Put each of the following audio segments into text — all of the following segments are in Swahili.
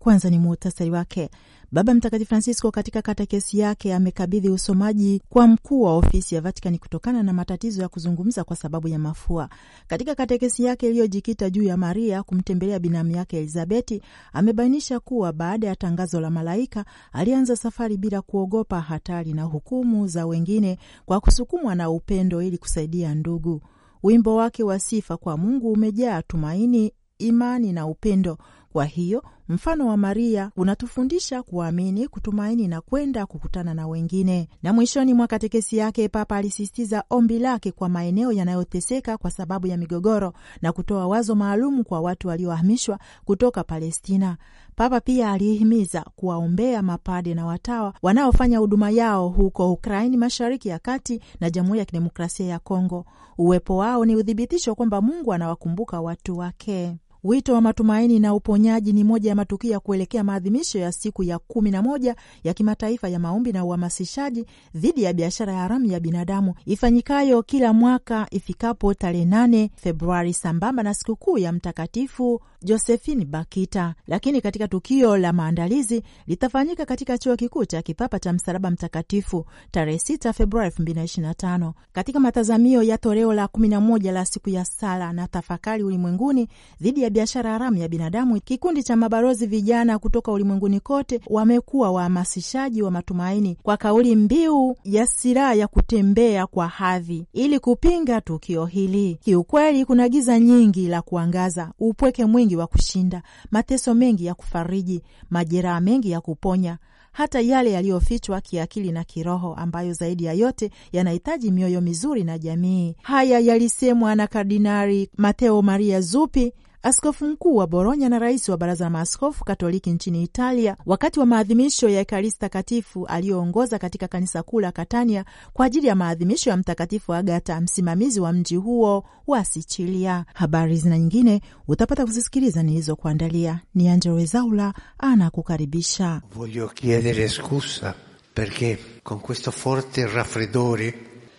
kwanza ni muhtasari wake. Baba Mtakatifu Francisco katika katekesi yake amekabidhi usomaji kwa mkuu wa ofisi ya Vatikani kutokana na matatizo ya kuzungumza kwa sababu ya mafua. Katika katekesi yake iliyojikita juu ya Maria kumtembelea binamu yake Elizabeti, amebainisha kuwa baada ya tangazo la malaika alianza safari bila kuogopa hatari na hukumu za wengine kwa kusukumwa na upendo ili kusaidia ndugu. Wimbo wake wa sifa kwa Mungu umejaa tumaini, imani na upendo kwa hiyo mfano wa Maria unatufundisha kuamini, kutumaini na kwenda kukutana na wengine. Na mwishoni mwa katekesi yake, Papa alisisitiza ombi lake kwa maeneo yanayoteseka kwa sababu ya migogoro na kutoa wazo maalum kwa watu waliohamishwa kutoka Palestina. Papa pia alihimiza kuwaombea mapade na watawa wanaofanya huduma yao huko Ukraini, Mashariki ya Kati na Jamhuri ya Kidemokrasia ya Kongo. Uwepo wao ni uthibitisho kwamba Mungu anawakumbuka watu wake. Wito wa matumaini na uponyaji ni moja ya matukio ya kuelekea maadhimisho ya siku ya kumi na moja ya kimataifa ya maombi na uhamasishaji dhidi ya biashara ya haramu ya binadamu ifanyikayo kila mwaka ifikapo tarehe 8 Februari sambamba na sikukuu ya Mtakatifu Josephine Bakita. Lakini katika tukio la maandalizi litafanyika katika chuo kikuu cha kipapa cha Msalaba Mtakatifu tarehe 6 Februari 2025 katika matazamio ya toleo la moja la siku ya sala na tafakari ulimwenguni dhidi ya biashara haramu ya binadamu, kikundi cha mabalozi vijana kutoka ulimwenguni kote wamekuwa wahamasishaji wa matumaini kwa kauli mbiu ya silaha ya kutembea kwa hadhi ili kupinga tukio hili. Kiukweli, kuna giza nyingi la kuangaza, upweke mwingi wa kushinda, mateso mengi ya kufariji, majeraha mengi ya kuponya hata yale yaliyofichwa kiakili na kiroho ambayo zaidi ya yote yanahitaji mioyo mizuri na jamii. Haya yalisemwa na Kardinari Mateo Maria Zuppi Askofu mkuu wa boronya na rais wa baraza la maaskofu Katoliki nchini Italia, wakati wa maadhimisho ya Ekaristi Takatifu aliyoongoza katika kanisa kuu la Katania kwa ajili ya maadhimisho ya Mtakatifu Agata, msimamizi wa mji huo wa Sichilia. Habari zina nyingine utapata kuzisikiliza nilizokuandalia. Ni Angelo Wezaula anakukaribisha. Voglio chiedere scusa perché con questo forte raffreddore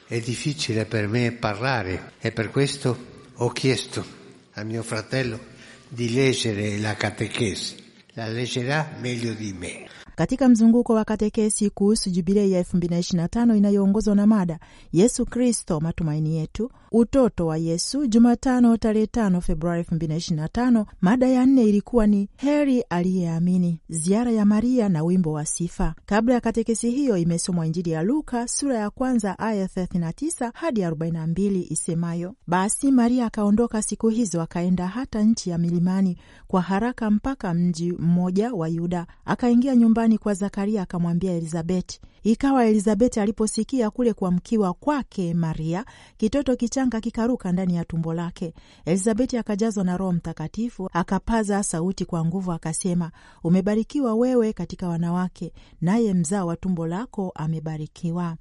è difficile per me parlare e per questo ho chiesto a mio fratello di leggere la catechesi, la leggerà meglio di me. katika mzunguko wa katekesi kuhusu jubilei ya 2025 inayoongozwa na mada Yesu Kristo matumaini yetu, utoto wa Yesu, Jumatano tarehe 5 Februari 2025. Mada ya nne ilikuwa ni heri aliyeamini, ziara ya Maria na wimbo wa sifa. Kabla ya katekesi hiyo imesomwa Injili ya Luka sura ya kwanza aya 39 hadi 42 isemayo, basi Maria akaondoka siku hizo akaenda hata nchi ya milimani kwa haraka mpaka mji mmoja wa Yuda, akaingia nyumba nyumbani kwa Zakaria akamwambia Elizabeti. Ikawa Elizabeti aliposikia kule kuamkiwa kwake Maria, kitoto kichanga kikaruka ndani ya tumbo lake. Elizabeti akajazwa na Roho Mtakatifu, akapaza sauti kwa nguvu, akasema, umebarikiwa wewe katika wanawake, naye mzao wa tumbo lako amebarikiwa.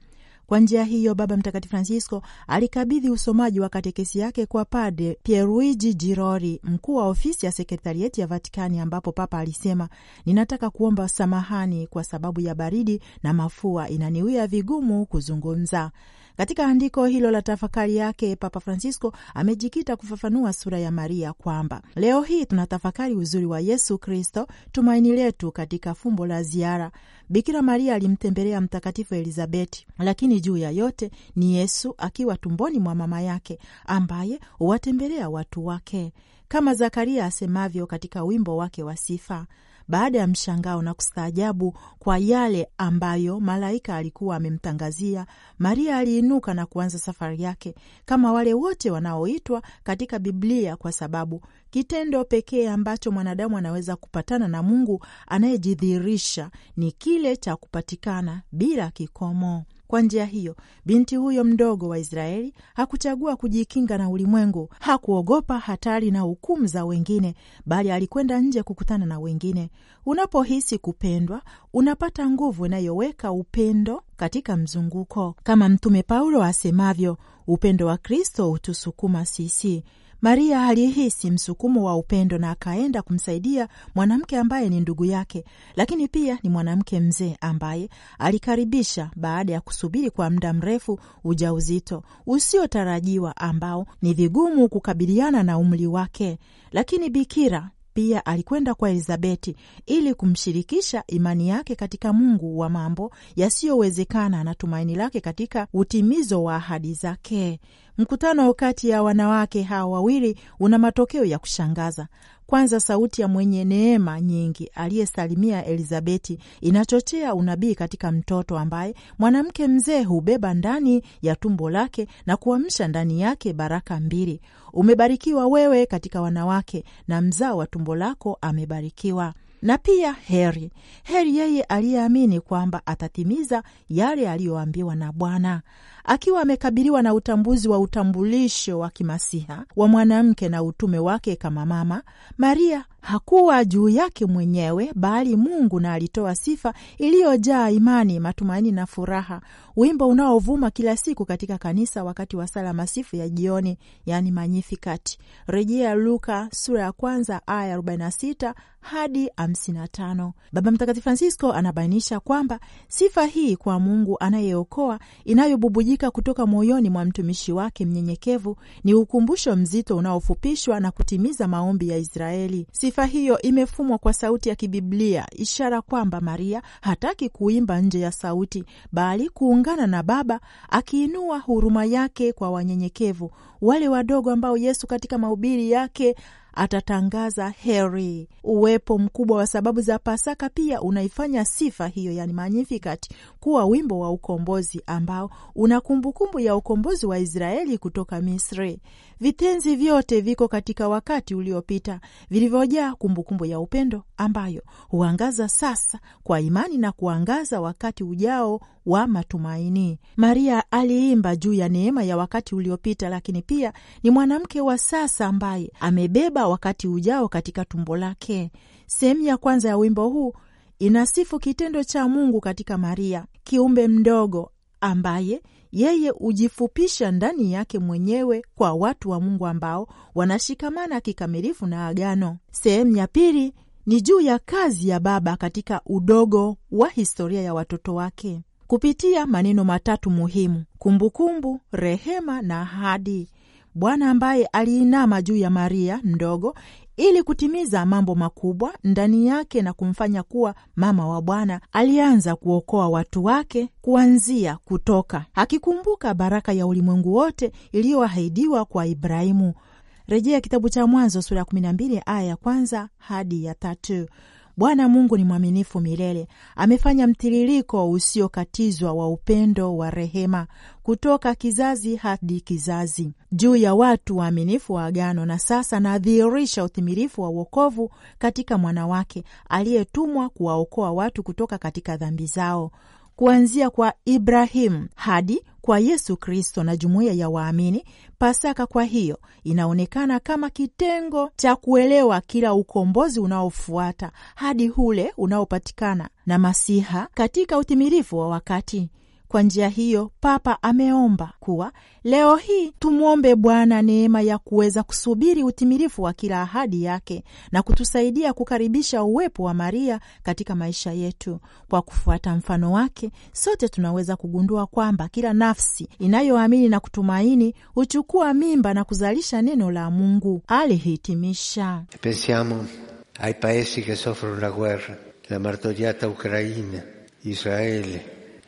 Kwa njia hiyo, Baba Mtakatifu Francisco alikabidhi usomaji wa katekesi yake kwa Padre Pierluigi Giroli, mkuu wa ofisi ya sekretarieti ya Vatikani, ambapo Papa alisema, ninataka kuomba samahani kwa sababu ya baridi na mafua inaniwia vigumu kuzungumza. Katika andiko hilo la tafakari yake, Papa Francisco amejikita kufafanua sura ya Maria kwamba leo hii tunatafakari uzuri wa Yesu Kristo, tumaini letu, katika fumbo la ziara. Bikira Maria alimtembelea Mtakatifu Elizabeti, lakini juu ya yote ni Yesu akiwa tumboni mwa mama yake, ambaye huwatembelea watu wake, kama Zakaria asemavyo katika wimbo wake wa sifa baada ya mshangao na kustaajabu kwa yale ambayo malaika alikuwa amemtangazia, Maria aliinuka na kuanza safari yake kama wale wote wanaoitwa katika Biblia, kwa sababu kitendo pekee ambacho mwanadamu anaweza kupatana na Mungu anayejidhihirisha ni kile cha kupatikana bila kikomo. Kwa njia hiyo binti huyo mdogo wa Israeli hakuchagua kujikinga na ulimwengu, hakuogopa hatari na hukumu za wengine, bali alikwenda nje kukutana na wengine, Unapohisi kupendwa, unapata nguvu inayoweka upendo katika mzunguko. Kama Mtume Paulo asemavyo, upendo wa Kristo hutusukuma sisi. Maria alihisi msukumo wa upendo na akaenda kumsaidia mwanamke ambaye ni ndugu yake, lakini pia ni mwanamke mzee ambaye alikaribisha baada ya kusubiri kwa muda mrefu ujauzito usiotarajiwa ambao ni vigumu kukabiliana na umri wake, lakini bikira pia alikwenda kwa Elizabeti ili kumshirikisha imani yake katika Mungu wa mambo yasiyowezekana na tumaini lake katika utimizo wa ahadi zake. Mkutano kati ya wanawake hawa wawili una matokeo ya kushangaza. Kwanza, sauti ya mwenye neema nyingi aliyesalimia Elizabeti inachochea unabii katika mtoto ambaye mwanamke mzee hubeba ndani ya tumbo lake na kuamsha ndani yake baraka mbili: umebarikiwa wewe katika wanawake na mzao wa tumbo lako amebarikiwa na pia heri heri yeye aliyeamini kwamba atatimiza yale aliyoambiwa na Bwana. Akiwa amekabiliwa na utambuzi wa utambulisho wa kimasiha wa mwanamke na utume wake kama mama, Maria hakuwa juu yake mwenyewe, bali Mungu, na alitoa sifa iliyojaa imani, matumaini na furaha, wimbo unaovuma kila siku katika kanisa wakati wa sala masifu ya jioni, yani Magnificat. Rejea Luka sura ya kwanza aya 46 hadi 55. Baba Mtakatifu Francisco anabainisha kwamba sifa hii kwa Mungu anayeokoa inayobubujika kutoka moyoni mwa mtumishi wake mnyenyekevu ni ukumbusho mzito unaofupishwa na kutimiza maombi ya Israeli sifa hiyo imefumwa kwa sauti ya kibiblia, ishara kwamba Maria hataki kuimba nje ya sauti, bali kuungana na Baba, akiinua huruma yake kwa wanyenyekevu, wale wadogo ambao Yesu katika mahubiri yake atatangaza heri. Uwepo mkubwa wa sababu za Pasaka pia unaifanya sifa hiyo, yani Magnificat, kuwa wimbo wa ukombozi ambao una kumbukumbu ya ukombozi wa Israeli kutoka Misri. Vitenzi vyote viko katika wakati uliopita vilivyojaa kumbukumbu ya upendo ambayo huangaza sasa kwa imani na kuangaza wakati ujao wa matumaini. Maria aliimba juu ya neema ya wakati uliopita, lakini pia ni mwanamke wa sasa ambaye amebeba msiba wakati ujao katika tumbo lake. Sehemu ya kwanza ya wimbo huu inasifu kitendo cha Mungu katika Maria, kiumbe mdogo ambaye yeye hujifupisha ndani yake mwenyewe kwa watu wa Mungu ambao wanashikamana kikamilifu na agano. Sehemu ya pili ni juu ya kazi ya Baba katika udogo wa historia ya watoto wake kupitia maneno matatu muhimu: kumbukumbu, rehema na ahadi. Bwana ambaye aliinama juu ya Maria mdogo ili kutimiza mambo makubwa ndani yake na kumfanya kuwa mama wa Bwana, alianza kuokoa watu wake kuanzia kutoka, akikumbuka baraka ya ulimwengu wote iliyoahidiwa kwa Ibrahimu. Rejea kitabu cha Mwanzo sura ya 12 aya ya kwanza hadi ya tatu. Bwana Mungu ni mwaminifu milele, amefanya mtiririko usiokatizwa wa upendo wa rehema kutoka kizazi hadi kizazi juu ya watu waaminifu wa agano, na sasa anadhihirisha utimilifu wa uokovu katika mwanawake aliyetumwa kuwaokoa watu kutoka katika dhambi zao kuanzia kwa Ibrahimu hadi kwa Yesu Kristo na jumuiya ya waamini. Pasaka kwa hiyo inaonekana kama kitengo cha kuelewa kila ukombozi unaofuata hadi ule unaopatikana na Masiha katika utimilifu wa wakati. Kwa njia hiyo, Papa ameomba kuwa leo hii tumwombe Bwana neema ya kuweza kusubiri utimilifu wa kila ahadi yake na kutusaidia kukaribisha uwepo wa Maria katika maisha yetu. Kwa kufuata mfano wake, sote tunaweza kugundua kwamba kila nafsi inayoamini na kutumaini huchukua mimba na kuzalisha neno la Mungu, alihitimisha. Pensiamo ai paesi che soffrono la guerra, la martoriata Ucraina,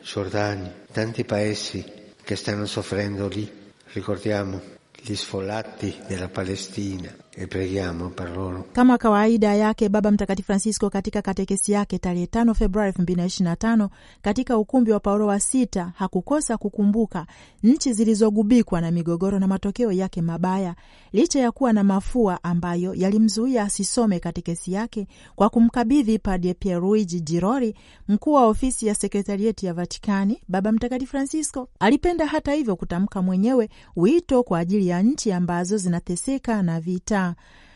Giordania, tanti paesi che stanno soffrendo lì. Ricordiamo gli sfollati della Palestina, E preghiamo per loro. Kama kawaida yake Baba Mtakatifu Francisco katika katekesi yake tarehe 5 Februari 2025 katika ukumbi wa Paulo wa sita hakukosa kukumbuka nchi zilizogubikwa na migogoro na matokeo yake mabaya, licha ya kuwa na mafua ambayo yalimzuia asisome katekesi yake kwa kumkabidhi Padre Pierluigi Giroli, mkuu wa ofisi ya sekretarieti ya Vatikani. Baba Mtakatifu Francisco alipenda hata hivyo kutamka mwenyewe wito kwa ajili ya nchi ambazo zinateseka na vita vita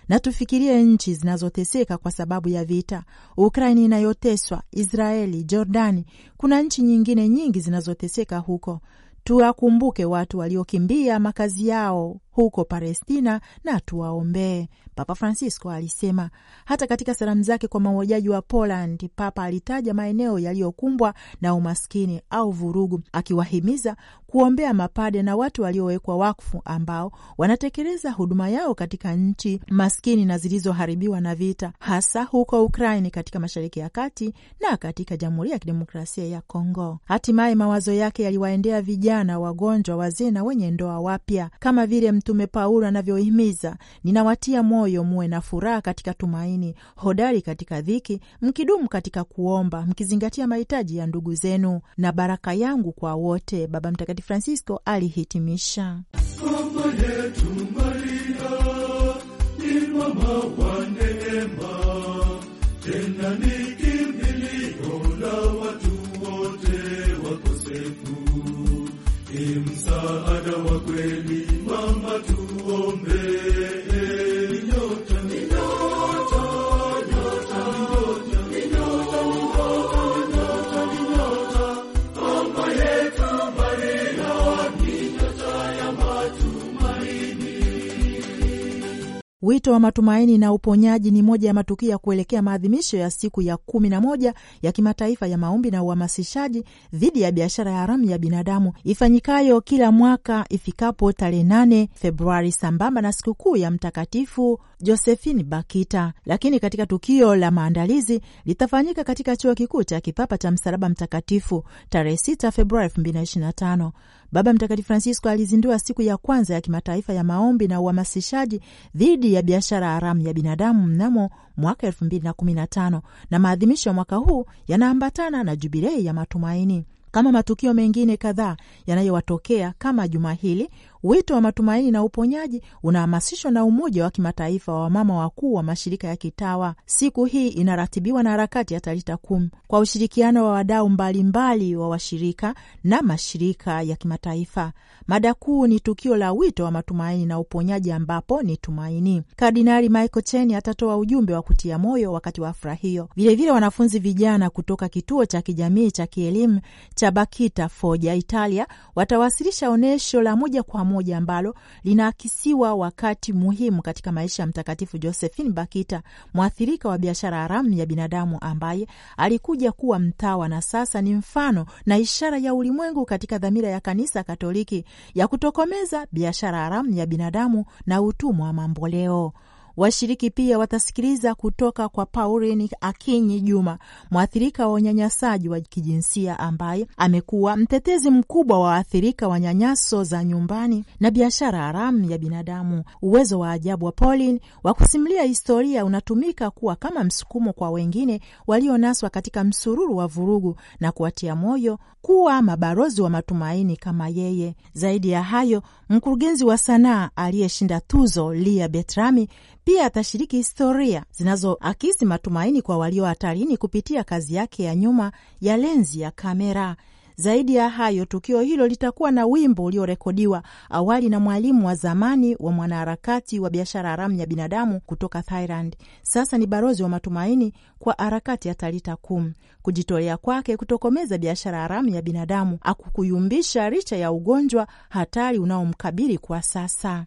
na tufikirie nchi zinazoteseka kwa sababu ya vita, Ukraini inayoteswa, Israeli, Jordani. Kuna nchi nyingine nyingi zinazoteseka huko. Tuwakumbuke watu waliokimbia makazi yao huko Palestina na tuwaombee. Papa Francisco alisema. Hata katika salamu zake kwa mauajaji wa Poland, Papa alitaja maeneo yaliyokumbwa na umaskini au vurugu, akiwahimiza kuombea mapade na watu waliowekwa wakfu ambao wanatekeleza huduma yao katika nchi maskini na zilizoharibiwa na vita, hasa huko Ukraini, katika Mashariki ya Kati na katika Jamhuri ya Kidemokrasia ya Kongo. Hatimaye mawazo yake yaliwaendea vijana, wagonjwa, wazee na wenye ndoa wapya kama vile Mtume Paulo anavyohimiza: ninawatia moyo muwe na furaha katika tumaini, hodari katika dhiki, mkidumu katika kuomba, mkizingatia mahitaji ya ndugu zenu, na baraka yangu kwa wote. Baba Mtakatifu Francisco alihitimisha msaada wa kweli Wito wa matumaini na uponyaji ni moja ya matukio ya kuelekea maadhimisho ya siku ya kumi na moja ya kimataifa ya maombi na uhamasishaji dhidi ya biashara ya haramu ya binadamu ifanyikayo kila mwaka ifikapo tarehe nane Februari, sambamba na sikukuu ya Mtakatifu Josephine Bakita, lakini katika tukio la maandalizi litafanyika katika chuo kikuu cha kipapa cha Msalaba Mtakatifu tarehe 6 Februari 2025. Baba Mtakatifu Francisco alizindua siku ya kwanza ya kimataifa ya maombi na uhamasishaji dhidi ya biashara haramu ya binadamu mnamo mwaka 2015 na maadhimisho ya mwaka huu yanaambatana na jubilei ya matumaini. Kama matukio mengine kadhaa yanayowatokea kama juma hili, Wito wa matumaini na uponyaji unahamasishwa na Umoja wa Kimataifa wa Wamama Wakuu wa Mashirika ya Kitawa. Siku hii inaratibiwa na harakati ya Talita Kumi kwa ushirikiano wa wadau mbalimbali wa washirika na mashirika ya kimataifa. Mada kuu ni tukio la wito wa matumaini na uponyaji, ambapo ni tumaini. Kardinali Michael Cheni atatoa ujumbe wa kutia moyo wakati wa afra hiyo. Vilevile wanafunzi vijana kutoka kituo cha kijamii cha kielimu cha Bakita Foja, Italia watawasilisha onyesho la moja kwa pamoja ambalo linaakisiwa wakati muhimu katika maisha ya Mtakatifu Josephine Bakita, mwathirika wa biashara haramu ya binadamu, ambaye alikuja kuwa mtawa na sasa ni mfano na ishara ya ulimwengu katika dhamira ya Kanisa Katoliki ya kutokomeza biashara haramu ya binadamu na utumwa wa mamboleo. Washiriki pia watasikiliza kutoka kwa Pauline Akinyi Juma, mwathirika wa unyanyasaji wa kijinsia ambaye amekuwa mtetezi mkubwa wa waathirika wa nyanyaso za nyumbani na biashara haramu ya binadamu. Uwezo wa ajabu wa Paulin wa kusimulia historia unatumika kuwa kama msukumo kwa wengine walionaswa katika msururu wa vurugu na kuwatia moyo kuwa mabarozi wa matumaini kama yeye. Zaidi ya hayo, mkurugenzi wa sanaa aliyeshinda tuzo Lia Betrami pia atashiriki historia zinazoakisi matumaini kwa walio hatarini kupitia kazi yake ya nyuma ya lenzi ya kamera. Zaidi ya hayo, tukio hilo litakuwa na wimbo uliorekodiwa awali na mwalimu wa zamani wa mwanaharakati wa biashara haramu ya binadamu kutoka Thailand, sasa ni barozi wa matumaini kwa harakati ya Talita Kum. Kujitolea kwake kutokomeza biashara haramu ya binadamu akukuyumbisha licha ya ugonjwa hatari unaomkabili kwa sasa.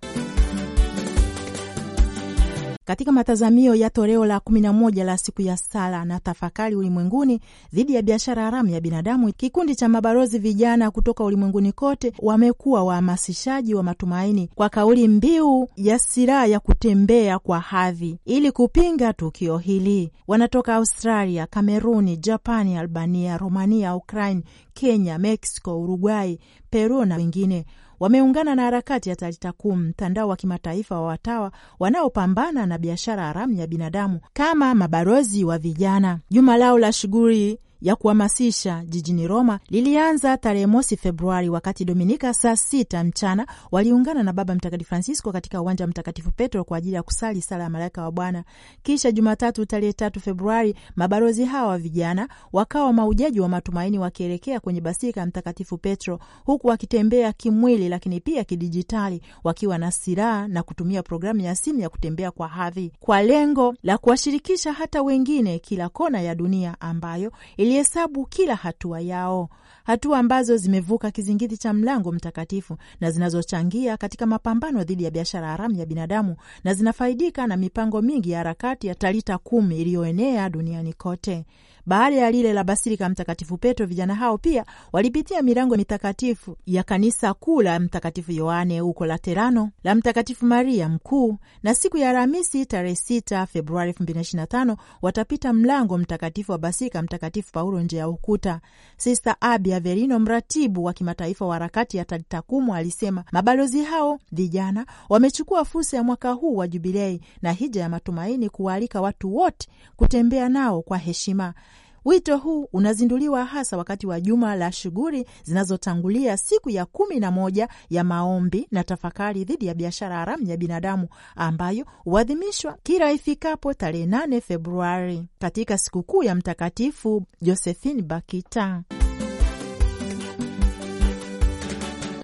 Katika matazamio ya toleo la 11 la siku ya sala na tafakari ulimwenguni dhidi ya biashara haramu ya binadamu, kikundi cha mabalozi vijana kutoka ulimwenguni kote wamekuwa wahamasishaji wa matumaini kwa kauli mbiu ya silaha ya kutembea kwa hadhi ili kupinga tukio hili. Wanatoka Australia, Kameruni, Japani, Albania, Romania, Ukraine, Kenya, Mexico, Uruguay, Peru na wengine wameungana na harakati ya Talitakum, mtandao wa kimataifa wa watawa wanaopambana na biashara haramu ya binadamu, kama mabalozi wa vijana. Juma lao la shughuli ya kuhamasisha jijini Roma lilianza tarehe mosi Februari, wakati Dominika saa sita mchana waliungana na Baba Mtakatifu Francisco katika uwanja wa Mtakatifu Petro kwa ajili ya kusali sala ya malaika wa Bwana. Kisha Jumatatu tarehe tatu Februari, mabalozi hawa wa vijana wakawa maujaji wa matumaini wakielekea kwenye basilika ya Mtakatifu Petro, huku wakitembea kimwili lakini pia kidijitali, wakiwa na silaha na kutumia programu ya simu ya kutembea kwa hadhi kwa lengo la kuwashirikisha hata wengine kila kona ya dunia ambayo ili Alihesabu kila hatua yao, hatua ambazo zimevuka kizingiti cha mlango mtakatifu na zinazochangia katika mapambano dhidi ya biashara haramu ya binadamu na zinafaidika na mipango mingi ya harakati ya Talita Kumi iliyoenea duniani kote. Baada ya lile la basilika Mtakatifu Petro, vijana hao pia walipitia milango mitakatifu ya kanisa kuu la Mtakatifu Yohane huko Laterano, la Mtakatifu Maria Mkuu, na siku ya Alhamisi tarehe 6 Februari 2025 watapita mlango mtakatifu wa basilika Mtakatifu Paulo nje ya ukuta. Sista Abi Averino, mratibu wa kimataifa wa harakati ya Talitakumu, alisema mabalozi hao vijana wamechukua fursa ya mwaka huu wa Jubilei na hija ya matumaini kuwaalika watu wote kutembea nao kwa heshima Wito huu unazinduliwa hasa wakati wa juma la shughuli zinazotangulia siku ya kumi na moja ya maombi na tafakari dhidi ya biashara haramu ya binadamu ambayo huadhimishwa kila ifikapo tarehe 8 Februari katika sikukuu ya Mtakatifu Josephine Bakita.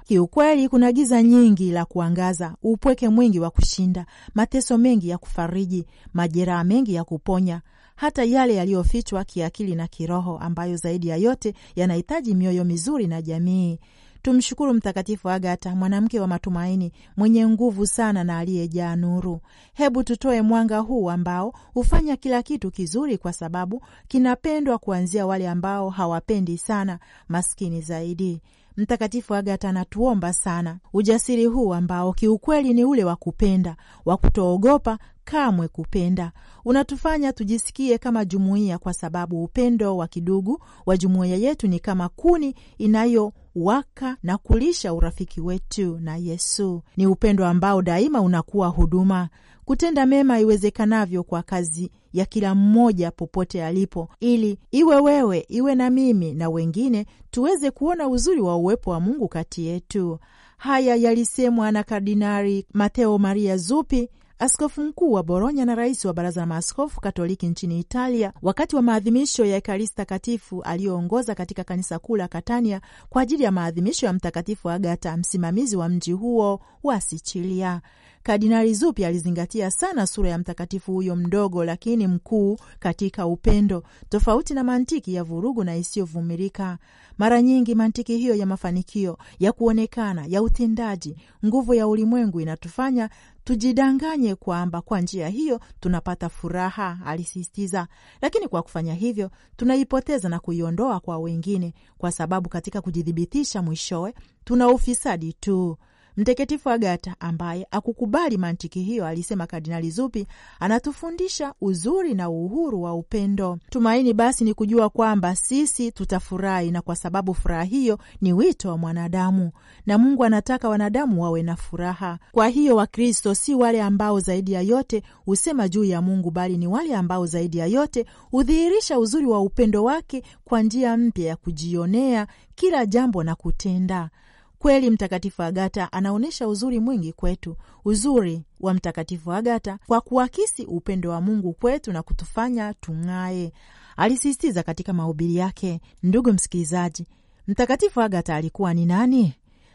Kiukweli, kuna giza nyingi la kuangaza, upweke mwingi wa kushinda, mateso mengi ya kufariji, majeraha mengi ya kuponya, hata yale yaliyofichwa kiakili na kiroho, ambayo zaidi ya yote yanahitaji mioyo mizuri na jamii. Tumshukuru Mtakatifu Agata, mwanamke wa matumaini, mwenye nguvu sana na aliyejaa nuru. Hebu tutoe mwanga huu ambao hufanya kila kitu kizuri, kwa sababu kinapendwa kuanzia wale ambao hawapendi sana, maskini zaidi. Mtakatifu Agata anatuomba sana ujasiri huu ambao kiukweli ni ule wa kupenda, wa kutoogopa kamwe kupenda. Unatufanya tujisikie kama jumuiya, kwa sababu upendo wa kidugu wa jumuiya yetu ni kama kuni inayowaka na kulisha urafiki wetu na Yesu. Ni upendo ambao daima unakuwa huduma, kutenda mema iwezekanavyo kwa kazi ya kila mmoja popote alipo, ili iwe wewe, iwe na mimi na wengine, tuweze kuona uzuri wa uwepo wa Mungu kati yetu. Haya yalisemwa na Kardinari Mateo Maria Zuppi Askofu mkuu wa Boronya na rais wa baraza la maaskofu Katoliki nchini Italia, wakati wa maadhimisho ya Ekaristi Takatifu aliyoongoza katika kanisa kuu la Katania kwa ajili ya maadhimisho ya Mtakatifu Agata, msimamizi wa mji huo wa Sichilia. Kardinali Zuppi alizingatia sana sura ya mtakatifu huyo mdogo lakini mkuu katika upendo, tofauti na mantiki ya vurugu na isiyovumilika. Mara nyingi mantiki hiyo ya mafanikio ya kuonekana ya utendaji nguvu ya ulimwengu inatufanya tujidanganye kwamba kwa njia hiyo tunapata furaha, alisisitiza. Lakini kwa kufanya hivyo tunaipoteza na kuiondoa kwa wengine, kwa sababu katika kujithibitisha, mwishowe tuna ufisadi tu. Mtakatifu Agata ambaye akukubali mantiki hiyo, alisema Kardinali Zuppi, anatufundisha uzuri na uhuru wa upendo. Tumaini basi ni kujua kwamba sisi tutafurahi, na kwa sababu furaha hiyo ni wito wa mwanadamu, na Mungu anataka wanadamu wawe na furaha. Kwa hiyo Wakristo si wale ambao zaidi ya yote husema juu ya Mungu, bali ni wale ambao zaidi ya yote hudhihirisha uzuri wa upendo wake kwa njia mpya ya kujionea kila jambo na kutenda. Kweli Mtakatifu Agata anaonyesha uzuri mwingi kwetu, uzuri wa Mtakatifu Agata kwa kuakisi upendo wa Mungu kwetu na kutufanya tung'aye, alisisitiza katika mahubiri yake. Ndugu msikilizaji, Mtakatifu Agata alikuwa ni nani?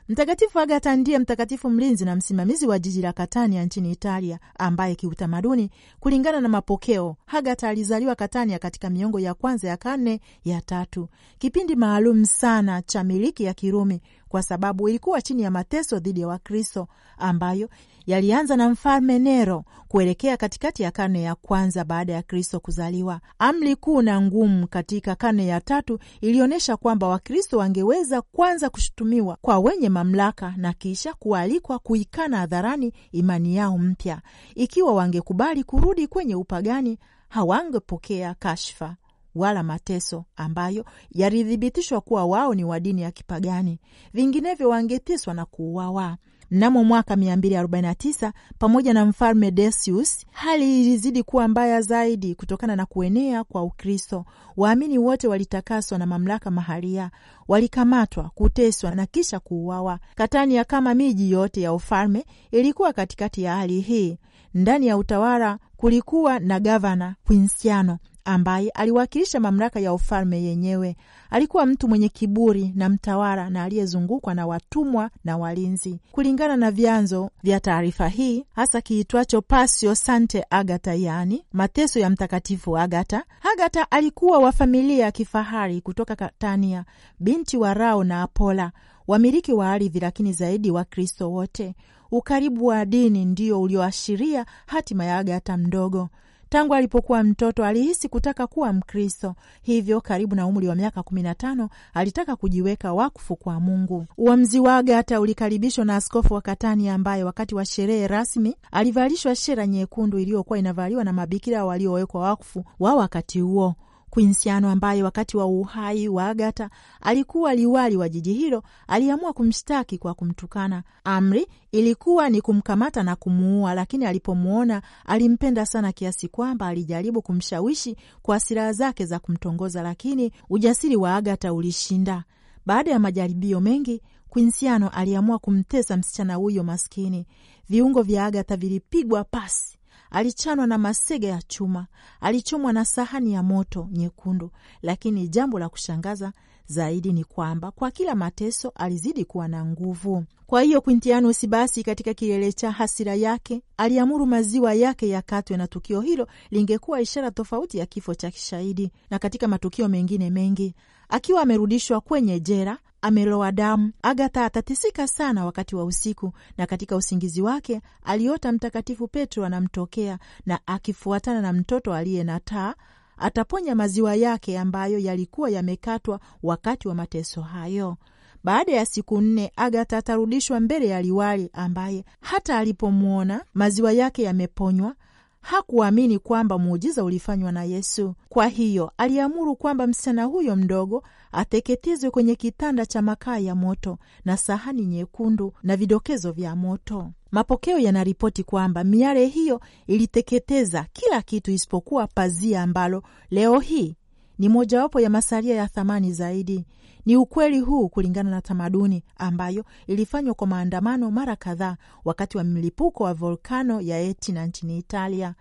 Mtakatifu Agata ndiye mtakatifu mlinzi na msimamizi wa jiji la Katania nchini Italia, ambaye kiutamaduni, kulingana na mapokeo, Agata alizaliwa Katania katika miongo ya kwanza ya karne ya tatu, kipindi maalum sana cha miliki ya Kirumi kwa sababu ilikuwa chini ya mateso dhidi ya Wakristo ambayo yalianza na mfalme Nero kuelekea katikati ya karne ya kwanza baada ya Kristo kuzaliwa. Amri kuu na ngumu katika karne ya tatu ilionyesha kwamba Wakristo wangeweza kwanza kushutumiwa kwa wenye mamlaka na kisha kualikwa kuikana hadharani imani yao mpya. Ikiwa wangekubali kurudi kwenye upagani, hawangepokea kashfa wala mateso ambayo yalithibitishwa kuwa wao ni wa dini ya kipagani, vinginevyo wangeteswa na kuuawa. Mnamo mwaka 249 pamoja na mfalme Decius, hali ilizidi kuwa mbaya zaidi kutokana na kuenea kwa Ukristo. Waamini wote walitakaswa na mamlaka mahalia, walikamatwa, kuteswa na kisha kuuawa. Katania, kama miji yote ya ufalme, ilikuwa katikati ya hali hii. Ndani ya utawala kulikuwa na gavana Kwinsiano ambaye aliwakilisha mamlaka ya ufalme yenyewe. Alikuwa mtu mwenye kiburi na mtawala na aliyezungukwa na watumwa na walinzi. Kulingana na vyanzo vya taarifa hii, hasa kiitwacho Pasio Sante Agata, yaani mateso ya Mtakatifu Agata, Agata alikuwa wa familia ya kifahari kutoka Katania, binti wa Rao na Apola, wamiliki wa ardhi, lakini zaidi Wakristo wote. Ukaribu wa dini ndio ulioashiria hatima ya Agata mdogo. Tangu alipokuwa mtoto alihisi kutaka kuwa Mkristo, hivyo karibu na umri wa miaka kumi na tano alitaka kujiweka wakfu kwa Mungu. Uamuzi wa Agata ulikaribishwa na askofu wa Katani, ambaye wakati wa sherehe rasmi alivalishwa shera nyekundu iliyokuwa inavaliwa na mabikira waliowekwa wakfu wa wakati huo. Kwinsiano ambaye wakati wa uhai wa Agata alikuwa liwali wa jiji hilo aliamua kumshtaki kwa kumtukana. Amri ilikuwa ni kumkamata na kumuua, lakini alipomwona alimpenda sana kiasi kwamba alijaribu kumshawishi kwa silaha zake za kumtongoza, lakini ujasiri wa Agata ulishinda. Baada ya majaribio mengi Kwinsiano aliamua kumtesa msichana huyo maskini. Viungo vya agata vilipigwa pasi Alichanwa na masega ya chuma, alichomwa na sahani ya moto nyekundu. Lakini jambo la kushangaza zaidi ni kwamba kwa kila mateso alizidi kuwa na nguvu. Kwa hiyo Quintianus basi, katika kilele cha hasira yake, aliamuru maziwa yake yakatwe, na tukio hilo lingekuwa ishara tofauti ya kifo cha kishahidi. Na katika matukio mengine mengi, akiwa amerudishwa kwenye jera amelowa damu. Agatha atatisika sana wakati wa usiku, na katika usingizi wake aliota Mtakatifu Petro anamtokea na akifuatana na mtoto aliye na taa ataponya maziwa yake ambayo yalikuwa yamekatwa wakati wa mateso hayo. Baada ya siku nne Agatha atarudishwa mbele ya liwali, ambaye hata alipomwona maziwa yake yameponywa hakuamini kwamba muujiza ulifanywa na Yesu. Kwa hiyo aliamuru kwamba msichana huyo mdogo ateketezwe kwenye kitanda cha makaa ya moto na sahani nyekundu na vidokezo vya moto. Mapokeo yanaripoti kwamba miale hiyo iliteketeza kila kitu isipokuwa pazia ambalo leo hii ni mojawapo ya masalia ya thamani zaidi. Ni ukweli huu kulingana na tamaduni ambayo ilifanywa kwa maandamano mara kadhaa wakati wa mlipuko wa volkano ya Etna nchini Italia.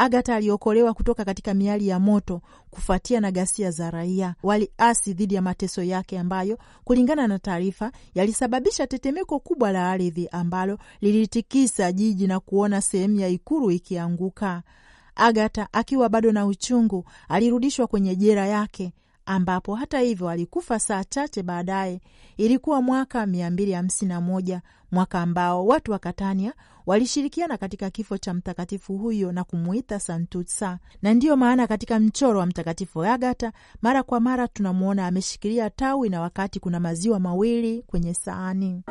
Agata aliokolewa kutoka katika miali ya moto kufuatia na ghasia za raia waliasi dhidi ya mateso yake, ambayo kulingana na taarifa yalisababisha tetemeko kubwa la ardhi ambalo lilitikisa jiji na kuona sehemu ya ikulu ikianguka. Agata akiwa bado na uchungu, alirudishwa kwenye jela yake ambapo hata hivyo alikufa saa chache baadaye. Ilikuwa mwaka mia mbili na moja, mwaka ambao watu wa Katania walishirikiana katika kifo cha mtakatifu huyo na kumwita Santusa, na ndiyo maana katika mchoro wa Mtakatifu Agata mara kwa mara tunamwona ameshikilia tawi na wakati kuna maziwa mawili kwenye sahani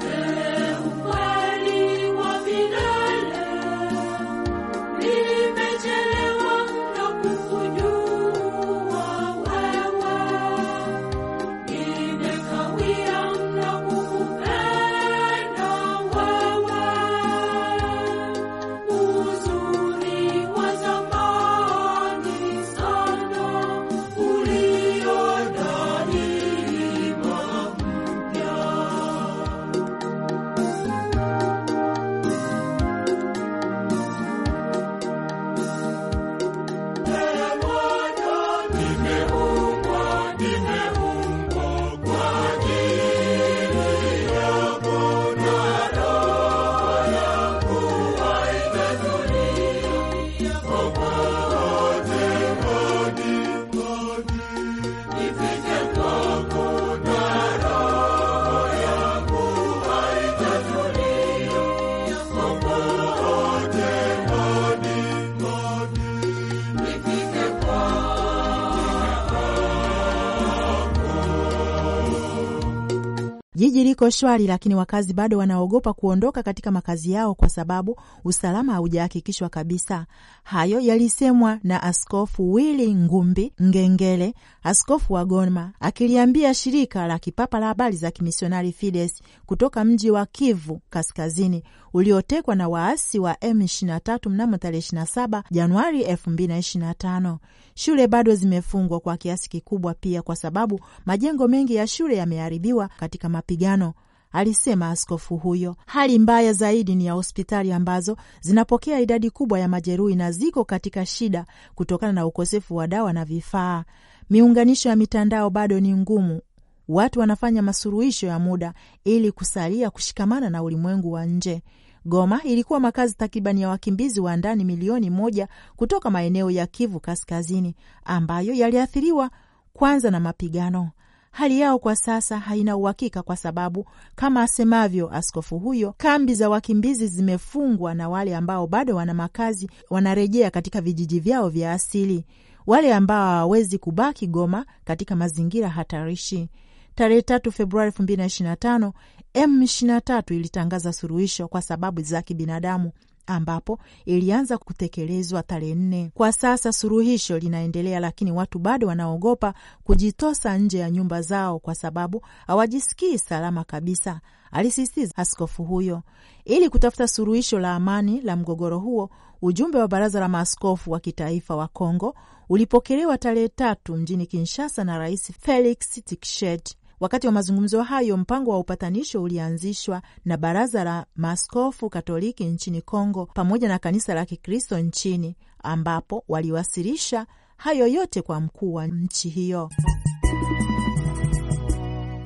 publier liko shwari, lakini wakazi bado wanaogopa kuondoka katika makazi yao kwa sababu usalama haujahakikishwa kabisa. Hayo yalisemwa na Askofu Wili Ngumbi Ngengele, askofu wa Goma, akiliambia shirika la kipapa la habari za kimisionari Fides kutoka mji wa Kivu Kaskazini uliotekwa na waasi wa M23 mnamo tarehe 27 Januari 2025. Shule bado zimefungwa kwa kiasi kikubwa, pia kwa sababu majengo mengi ya shule yameharibiwa katika mapigano alisema askofu huyo. Hali mbaya zaidi ni ya hospitali ambazo zinapokea idadi kubwa ya majeruhi na ziko katika shida kutokana na ukosefu wa dawa na vifaa. Miunganisho ya mitandao bado ni ngumu. Watu wanafanya masuluhisho ya muda ili kusalia kushikamana na ulimwengu wa nje. Goma ilikuwa makazi takribani ya wakimbizi wa ndani milioni moja kutoka maeneo ya Kivu Kaskazini ambayo yaliathiriwa kwanza na mapigano hali yao kwa sasa haina uhakika, kwa sababu kama asemavyo askofu huyo, kambi za wakimbizi zimefungwa na wale ambao bado wana makazi wanarejea katika vijiji vyao vya asili. Wale ambao hawawezi kubaki Goma katika mazingira hatarishi Tarehe tatu Februari 225 M23 ilitangaza suluhisho kwa sababu za kibinadamu ambapo ilianza kutekelezwa tarehe nne. Kwa sasa suluhisho linaendelea, lakini watu bado wanaogopa kujitosa nje ya nyumba zao kwa sababu hawajisikii salama kabisa, alisisitiza askofu huyo. Ili kutafuta suluhisho la amani la mgogoro huo, ujumbe wa Baraza la Maaskofu wa Kitaifa wa Kongo ulipokelewa tarehe tatu mjini Kinshasa na Rais Felix Tshisekedi. Wakati wa mazungumzo hayo, mpango wa upatanisho ulianzishwa na Baraza la Maaskofu Katoliki nchini Kongo pamoja na Kanisa la Kikristo nchini, ambapo waliwasilisha hayo yote kwa mkuu wa nchi hiyo.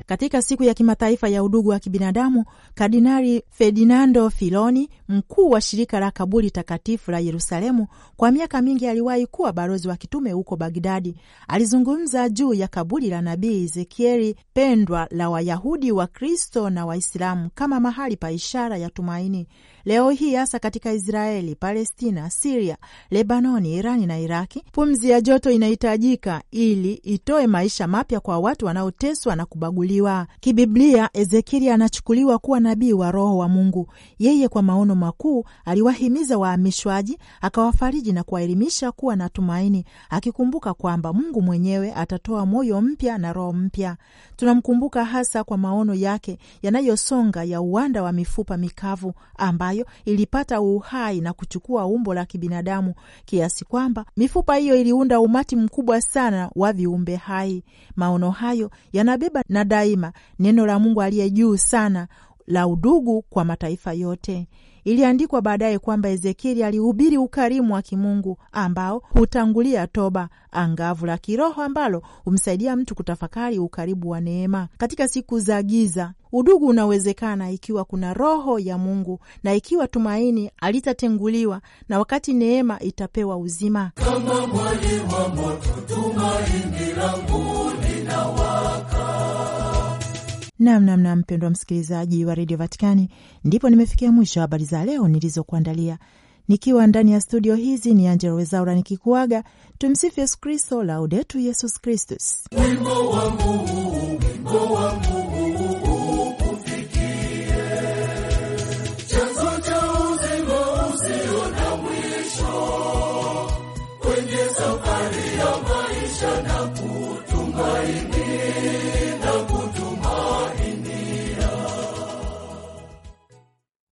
Katika siku ya kimataifa ya udugu wa kibinadamu, Kardinali Ferdinando Filoni, Mkuu wa shirika la kaburi takatifu la Yerusalemu, kwa miaka mingi aliwahi kuwa balozi wa kitume huko Bagdadi. Alizungumza juu ya kaburi la nabii Ezekieli pendwa la Wayahudi, wa kristo na Waislamu kama mahali pa ishara ya tumaini leo hii, hasa katika Israeli, Palestina, Siria, Lebanoni, Irani na Iraki. Pumzi ya joto inahitajika ili itoe maisha mapya kwa watu wanaoteswa na kubaguliwa. Kibiblia, Ezekieli anachukuliwa kuwa nabii wa Roho wa Mungu. Yeye kwa maono makuu, aliwahimiza wahamishwaji, akawafariji na kuwaelimisha kuwa na tumaini, akikumbuka kwamba Mungu mwenyewe atatoa moyo mpya na roho mpya. Tunamkumbuka hasa kwa maono yake yanayosonga ya uwanda wa mifupa mikavu ambayo ilipata uhai na kuchukua umbo la kibinadamu kiasi kwamba mifupa hiyo iliunda umati mkubwa sana wa viumbe hai. Maono hayo yanabeba na daima neno la Mungu aliye juu sana la udugu kwa mataifa yote. Iliandikwa baadaye kwamba Ezekieli alihubiri ukarimu wa kimungu ambao hutangulia toba angavu la kiroho ambalo humsaidia mtu kutafakari ukaribu wa neema katika siku za giza. Udugu unawezekana ikiwa kuna roho ya Mungu na ikiwa tumaini alitatenguliwa na wakati neema itapewa uzima kama mwali wa moto, tumaini langu Namnamna mpendwa msikilizaji wa redio Vatikani, ndipo nimefikia mwisho wa habari za leo nilizokuandalia nikiwa ndani ya studio hizi. Ni Angela Wezaura nikikuaga. Tumsifu Yesu Kristo, laudetu Yesus Kristus. Wimbo wangu, wimbo wangu.